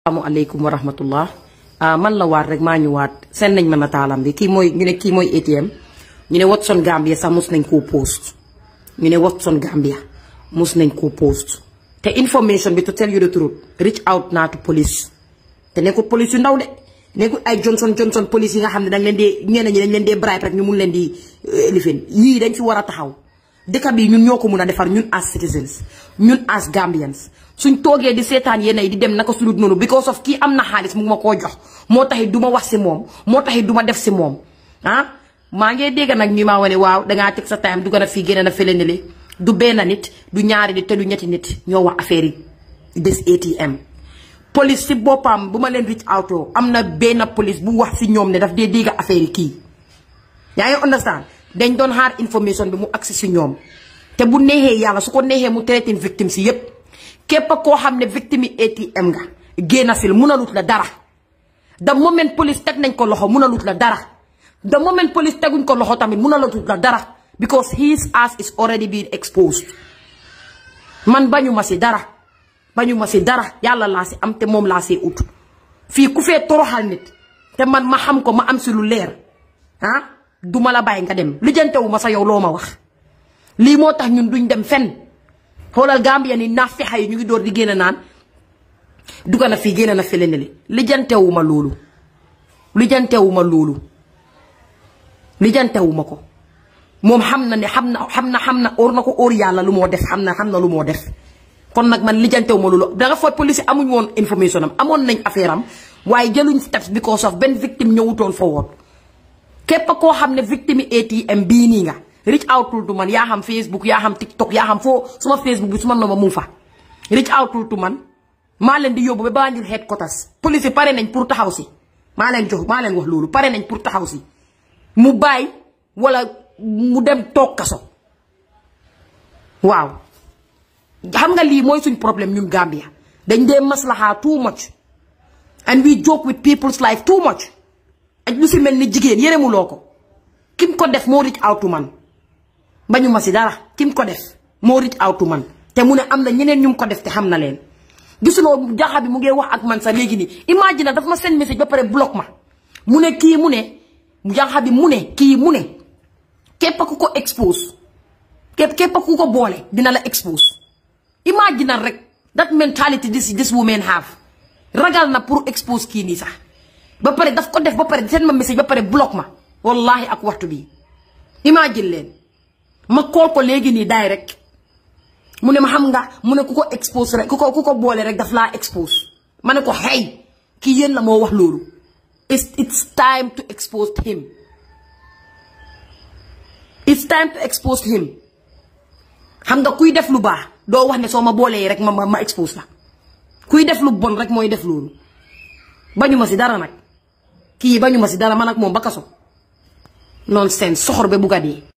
asalaamaaleykum wa rahmatullah ah, man la waat rek maa ñu waat seen nañ ma nataalam bi kii mooy ñu ne kii mooy ATM ñu ne Watson Gambia sax mos nañ koo post ñu ne Watson Gambia mos nañ koo post te information bi to tell you the truth reach out naa to police te nekkul police yu ndaw de nekkul ay Johnson Johnson police yi nga xam ne dañ leen di ñeneen ñi dañ leen dee bribe rek ñu mun leen di eh, lifin yii dañ fi war a taxaw dëkk bi ñun ñoo ko mun a defar ñun as citizens ñun as Gambians suñ toogee di seetaan yenn yi di dem naka sulut noonu because of kii am na xaalis mu ma koo jox moo taxit duma wax si moom moo taxit du ma def si moom ah. maa ngi dégg nag ñu ma wane waaw dangaa teg sa time du gën a fii génne na fële ne du benn nit du ñaari nit te du ñetti nit ñoo wax affaire yi des ATM. police si boppam bu ma leen reach out am na benn police bu wax si ñoom ne daf dee dégg affaire yi kii yaa ngi understand dañ doon xaar information bi mu agsi si ñoom te bu neexee yàlla su ko neexee mu traité victime si yépp képp koo xam ne victime yi ATM nga génn sil munalut la dara da moment police teg nañ ko loxo munalut la dara da moment police teguñ ko loxo tamit mun munalut la dara because his ass is already being exposed man bañu ma si dara bañu ma si dara yàlla laa si am te moom laa see ut fii ku fee toroxal nit te man ma xam ko ma am si lu leer ah? duma la bàyyi nga dem lijjantewu ma sa yow loo ma wax lii moo tax ñun duñ dem fen xoolal Gambia ni naaf fexa yi ñu ngi door di génn naan dugga na fii génn na fi leneen lijjantewu ma loolu lijjantewu ma loolu lijjantewu ko moom xam na ne xam na xam na xam na óor na ko óor yàlla lu moo def xam na xam na lu moo def kon nag man lijjantewu ma loolu danga foog police amuñ woon information am amoon nañ affaire waaye jëluñ steps because of benn victime ñëwutoon foo woon képp koo xam ne victime ATM bii nii nga reach out to man yaa xam Facebook yaa xam TikTok yaa xam foo suma Facebook bi suma noma mu fa reach out to man maa leen di yóbbu ba Banjul headquarters police yi pare nañ pour taxaw si maa leen jox maa leen wax loolu pare nañ pour taxaw si mu bàyyi wala mu dem toog kaso waaw xam nga lii mooy suñ problème ñun Gambia dañ dee maslaha too much and we joke with people's life too much ak lu si mel ni jigéen yëremuloo ko kim ko def moo rëcc awtu man bañu ma si dara kim ko def moo rëcc awtu man te mu ne am na ñeneen ñum ko def te xam na leen. gisuloo jaaxa bi mu ngi wax ak man sax léegi nii imagine daf ma seen message ba pare block ma mu ne kii mu ne jaaxa bi mu ne kii mu ne képp ku ko expose képp képp ku ko boole dina la expose imagine rek that mentality this this woman have ragal na pour expose kii nii sax. ba pare daf ko def ba pare seen ma message ba pare block ma wallahi ak waxtu bii imagine leen ma kool ko léegi nii daay rek mu ne ma xam nga mu ne ku ko expose rek ku ko ku ko boole rek daf laa expose ma ne ko xëy kii yéen la moo wax loolu it's it's time to expose him it's time to expose him xam nga kuy def lu baax doo wax ne soo ma boolee rek ma ma expose la kuy def lu bon rek mooy def loolu bañu ma si dara nag kii bañu ma si dara man ak moom ba kaso noonu seen soxor ba bugat yi